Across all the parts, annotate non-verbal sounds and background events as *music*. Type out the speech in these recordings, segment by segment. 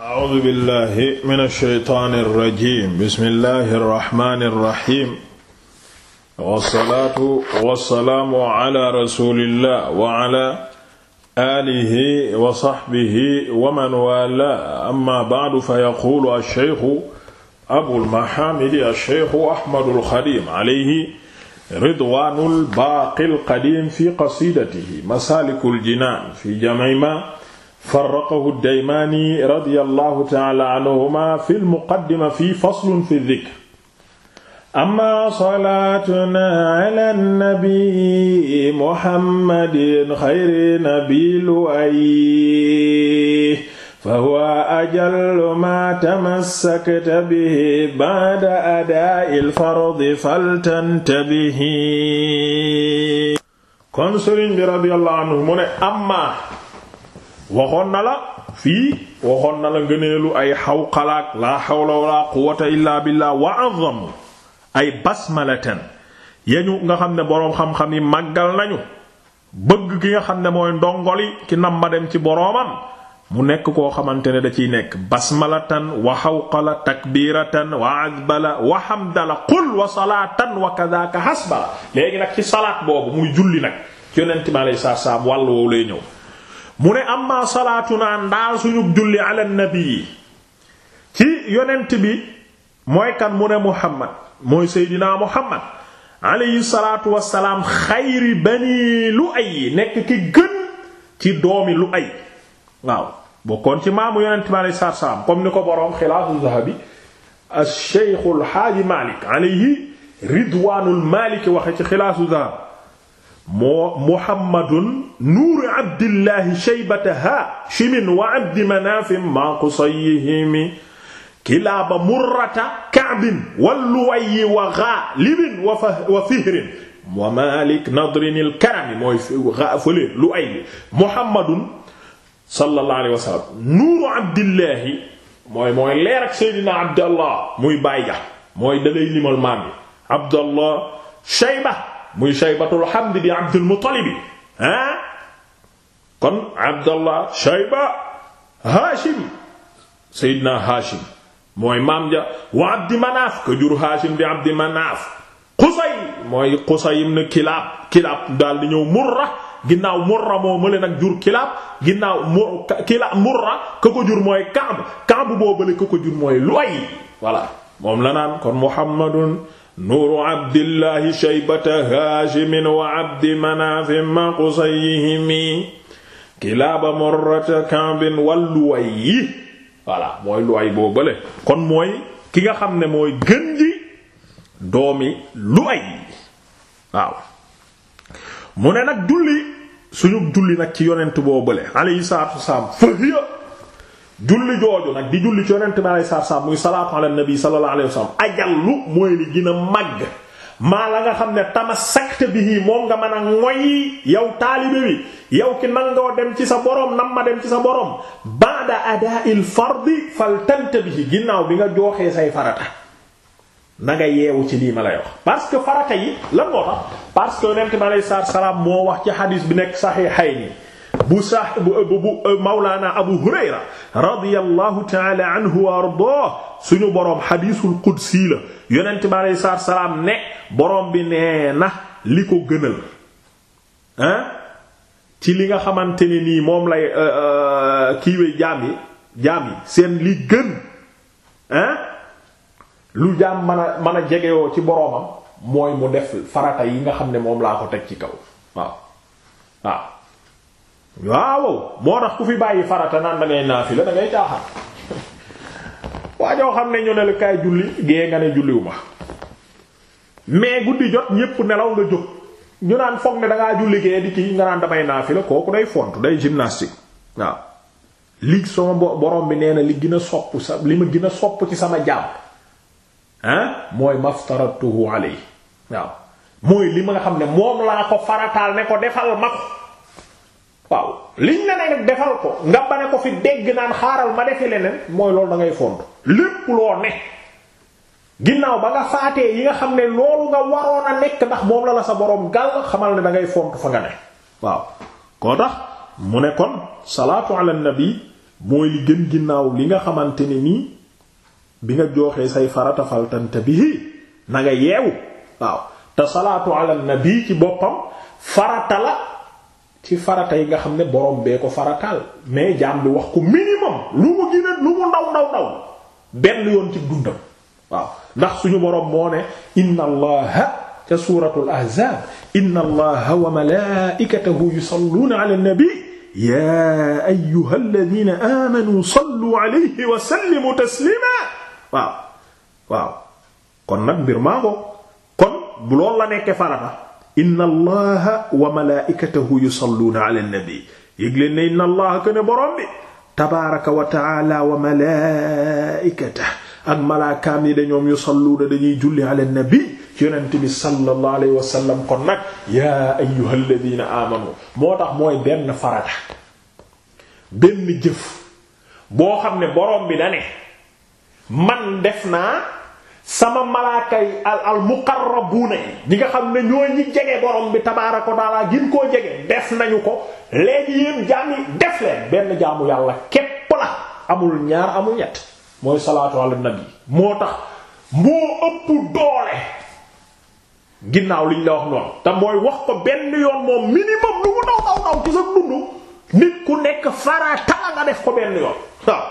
أعوذ بالله من الشيطان الرجيم بسم الله الرحمن الرحيم والصلاة والسلام على رسول الله وعلى آله وصحبه ومن والاه أما بعد فيقول الشيخ أبو المحامد الشيخ أحمد الخليل عليه رضوان الباقي القديم في قصيدته مسالك الجنان في جمع ما farraqahu daymaani radiyallahu ta'ala anhuma fi lmuqaddima fi faslun fi dhikr amma salaatuna ala nabi muhammadin xayri nabi luwayi fahuwa ajallu ma tamassakta bihi ba'da adaa'il fardi faltantabihi kon sëriñ bi radiyallahu anhu mu ne amma waxoon na la fii waxoon na la ngëneelu ay xawqalaak laa xawla wala quwwata illaa billaa wa azamu ay basmalatan yañu nga xam ne boroom xam-xam yi màggal nañu bëgg ki nga xam ne mooy ndongoli ki nam ma dem ci boroomam mu nekk koo xamante ne da ciy nekk basmalatan wa xawqala takbiratan wa azbala wa hamdala qul wa salaatan wa kadaka hasbala léegi nag ci salaat boobu muy julli nag ma mi alayhi salaam wàll woowu lay ñëw mu ne amma salaatuna ndaal suñu julli ala nabi ci yonent bi mooy kan mu ne muhammad mooy seydinaa muhammad alayhi salaatu wassalaam xayri bani lu ay nekk ki gën ci doomi lu ay waaw bokkoon ci maamu yonent bi alayhi salaatu wassalaam comme ni ko boroom xilaasu zahabi al sheykhu al xaaji maalik alayhi ridwaanul maalik waxe ci xilaasu zahab moo muhammadun nuuru abdillahi shaybataha shimin wa abdi manafin ma qusayhimi kilaaba murrata ka'bin wa luwayyi wa ghalibin wa fihrin wa malik nadrin al-karami mooy fële luwayyi muhammadun sallallahu alayhi wa sallam nuuru abdillahi mooy mooy leer ak seydina abdallah muy bàyyi ja mooy dalay limal maam bi abdallah shayba muy shaybatul hamdi bi abdul muttalibi ah kon abdallah shayba haashim seydina haashim mooy maam ja wa abdi manaaf ka jur haashim di abdi manaaf qusay mooy qusay ibn kilaab kilaab daal di ñëw murra ginnaaw murra moo mële nag jur kilaab ginnaaw murra ka ko jur mooy kaab kaab boobale ka ko jur mooy luway voilà moom la naan kon muhammadun nuuru abdillahi shaybata haashimin wa abdi manaafin ma qusayhimi kilaaba murrata kambin wal luway yi voilà mooy luway boo bële kon mooy ki nga xam ne mooy gën ji doomi luway waaw mu ne nag julli suñu julli nag ci yonent boo bële alayhi salaatu wasalaam fa hiya julli jooju nag di julli ci yonent bi aleyhi salaatu salaam muy salaatu ala nabi sallallahu alayhi wa sallam ajallu mooy li gën a màgg maa la nga xam ne tamassakta bihi moom nga mën a ngoy yow taalibe wi yow ki nangoo dem ci sa boroom nam ma dem ci sa boroom ba'da ada'il fardi faltanta bihi ginnaaw bi nga jooxee say farata na nga yeewu ci lii ma lay wax parce que farata yi lan moo tax parce que yonent bi sa salaatu salaam moo wax ci xadiis bi nekk saxiixayni bu sax bu bu eh, Mawlaana Abu Hurayra radiyallahu ta'ala anhu wa suñu boroom hadiisul qudsi la yonent bi alayhi salaatu wa salaam ne boroom bi nee na li ko gënal ah ci li nga xamante ni nii moom lay eh, eh, kiiwe jaam yi jaam yi seen li gën ah lu jaam mën a mën a jegewoo ci boroomam mooy mu def farata yi nga xam ne moom laa ko teg ci kaw waaw waaw. waaw moo tax ku fi bàyyi farata naan da ngay naafila da ngay caaxaan waa joo xam ne ñu ne la kaay julli gée nga ne julliwu mais guddi jot ñépp nelaw nga jóg ñu naan foog ne da ngaa julli gée di kii nga naan damay naafila kooku day font day gymnastique waaw li sama borom bi nee na li gën a sopp sa li ma gën a sopp ci sama jàmm ah mooy maftaratuhu alayhi waaw mooy li ma nga xam ne moom laa ko farataal ne ko defal ma ko waaw liñ la ne nag defal ko nga bane ko fi dégg naan xaaral ma defi leneen mooy loolu da ngay fond lépp loo ne ginnaaw ba nga faatee yi nga xam ne loolu nga waroon a nekk ndax moom la la sa boroom gàll xamal ne da ngay font fa nga ne waaw koo tax mu ne kon salaatu ala nabi mooy li gën ginnaaw li nga xamante ni nii bi nga jooxee say farata faltante bi na nga yeewu waaw te salaatu ala nabi ci boppam farata la ci farata yi nga xam ne borom bee ko farataal mais jaam bi wax ko minimum lu mu gën lu mu ndaw ndaw ndaw benn yoon ci dundam waaw ndax suñu borom moo ne inna allaha ca suratul ahzab inna allaha wa malaikatahu yusalluna ala nabi ya ayyuha alladhina amanu sallu alayhi wa sallimu waaw waaw kon nag mbir maa ko kon bu loolu la nekkee farata inna allaha wa malaa'ikatahu yusalluuna ala nabi yég leen ne inna allaha ko ne borom bi tabaaraka wa taala wa malaa'ikatahu ak malaakaam yi dañoom yusalluuna dañuy julli ala nabi ci bi sallallahu alayhi wa sallam ko nag yaa ayyuhal ladina amanu moo tax mooy benn farata benn jëf boo xam ne borom bi da ne man def naa sama malaaka yi al al muqarrabuuna yi ñi nga xam ne ñoo ñi jege borom bi tabaaraka wa taala gin koo jege def nañu ko léegi yéen jaam def leen benn jaamu yàlla képp la amul ñaar amul ñett mooy salaatu ala nabi moo tax moo ëpp doole ginnaaw liñ la wax noonu te mooy wax ko benn yoon moom minimum lu mu daw daw daw ci sa dund nit ku nekk farata nga def ko benn yoon waaw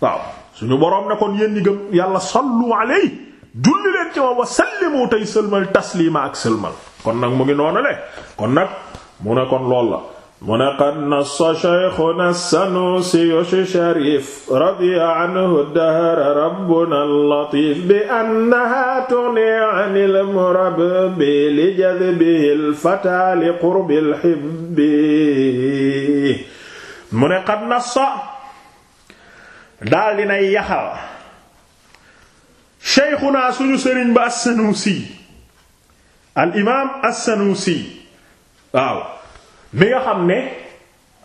waaw suñu boroom ne kon yéen ñi gëm yàlla sallu alayhi julli leen ci moom wa sallimu tey sëlmal taslima ak sëlmal kon nag mu ngi noonu le kon nag mu ne kon lool la mu ne qad nassa shaykhuna sanusi sharif radiya anhu dahara rabbuna latif bi annaha tughni anil murabbi li jadbihi al fata li qurbi al hibbi mu ne qad nassa daal dinay yaxal sheykhuna suñu sëriñ ba as-Sanusi al imaam as-Sanusi waaw mi nga xam ne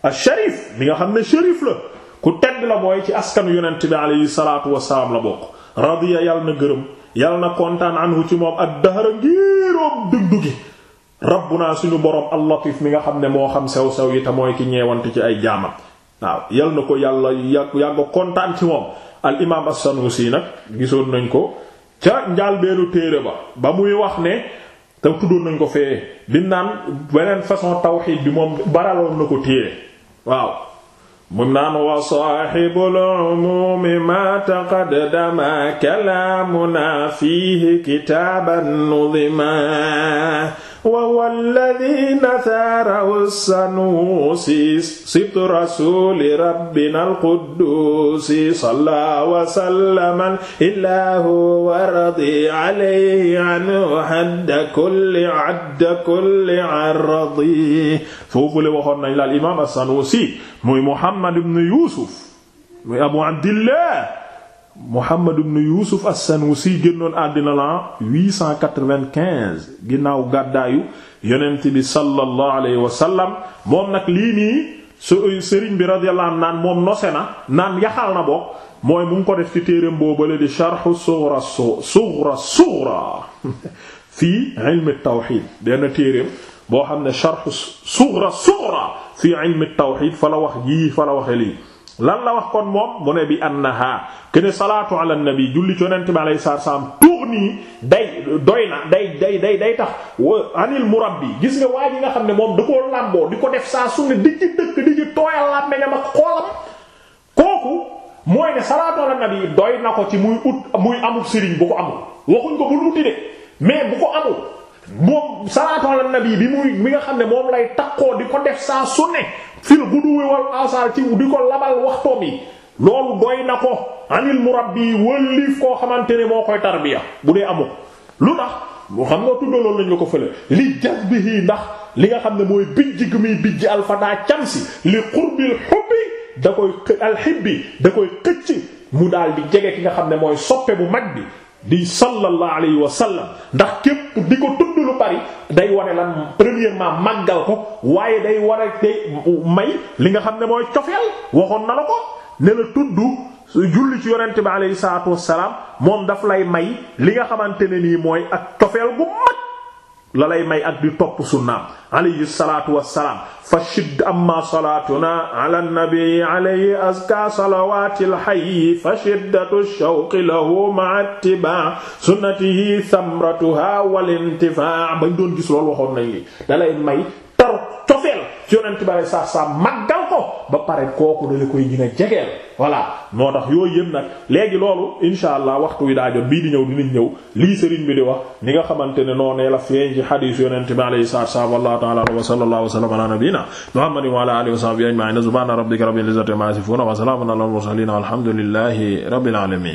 as-Sharif mi nga xam ne Sharif la ku tedd la mooy ci askanu yonent bi aleyhi salaatu wasalaam la bokk radiya yàlla na gërëm yàlla na kontaan anhu ci moom ak dahara ngéeroom dugdu gi rabbuna suñu boroom al-Latif mi nga xam ne moo xam sew sew yi te mooy ki ñeewante ci ay jaamam waaw yàlla na ko yàlla yàgg kontaan ci moom al imaam as-Sanusi nag gisoon nañ ko ca njàlbeenu téere ba ba muy wax ne te tuddoon nañ ko fee bi naan beneen façon tawxiid bi moom baraloon na ko téere waaw mu naan wa saaxibul umuumi ma taqaddama kalaamuna fiihi kitaaban nudima وهو الذي نثاره السنوسي سبط رسول ربنا القدوس صلى وسلم الإله ورضي عليه عنه حد كل عد كل عرضي foofule waxoon nañ la al imaam as-Sanusi muy Muhammad ibn Yusuf muy Abu Abdillah Muhammad ibn Yusuf as-Sanusi génnoon àddina la 895 ginnaaw gàddaayu yonent bi sallallahu alayhi wa moom nag lii nii su eh, sëriñ bi radiyallahu anhu naan moom nose na naan yaxal na bokk mooy mu ngi ko def ci téereem boobale di sharhu sughra sughra sughra *laughs* fii ilm at-tawhid téereem boo xam ne sharhu sughra sughra fii ilm at-tawhid fa la wax yii fa la waxe lii lan la wax kon moom mu ne bi annaha kene salaatu ala nabi julli ci yonent bi alayhi salaam tughni day doy na day day day day tax anil murabbi gis nga waa ji nga xam ne moom da koo di ko def saa su ne di kooku mooy ne salaatu ala nabi doy na ko ci muy ut amul sëriñ bu ko amul waxuñ ko bul mais bu ko amul moom salaatu ala bi muy mi nga xam ne moom lay takkoo di ko def saa su ne fil guduwi wal asal ci di ko labal waxtoom yi loolu doy na ko anil murabbi wëllif koo xamante ne moo koy tarbiya bu dee amu lu tax mu xam nga tuddee loolu lañ la ko fële li jazbihi ndax li nga xam ne mooy bijj gu muy bijj alfadaa camsi li qurbil hubbi da koy alhibbi da koy xëcc mu daal di jege ki nga xam ne mooy soppe bu mag bi di sallallahu alayhi wa sallam ndax képp di ko tudd lu bari day ware la premièrement màggal ko waaye day ware day may li nga xam ne mooy cofeel waxoon na la ko ne la tudd julli ci yonent bi alayhi salaatu wassalaam moom daf lay may li nga xamante ne nii mooy ak cofeel bu mag la lay may ak di topp sunnaam alayhi salaatu wassalaam fa shidd amma salaatuna ala nabi alayhi azka salawaatil hayyi fa shiddatu shawqi lahu ma'a ittiba' sunnatihi thamratuha wal intifa' bañ doon gis loolu waxoon nañ li da lay may tar cofeel ci yonent bi alayhi salaatu wassalaam maggal noonu ba pare kooku dala koy gën a jegeel voilà moo tax yooyu yëpp nag léegi loolu insha allah waxtu wi daa jot bii di ñëw dinañ ñëw lii sëriñ bi di wax ni nga xamante ne noonee la feeñ ci xadiis yonente bi alayhi salaatu wassalaam wallahu ta'ala wa sallallahu wa wa ala alal mursalin walhamdulillahi rabbil alamin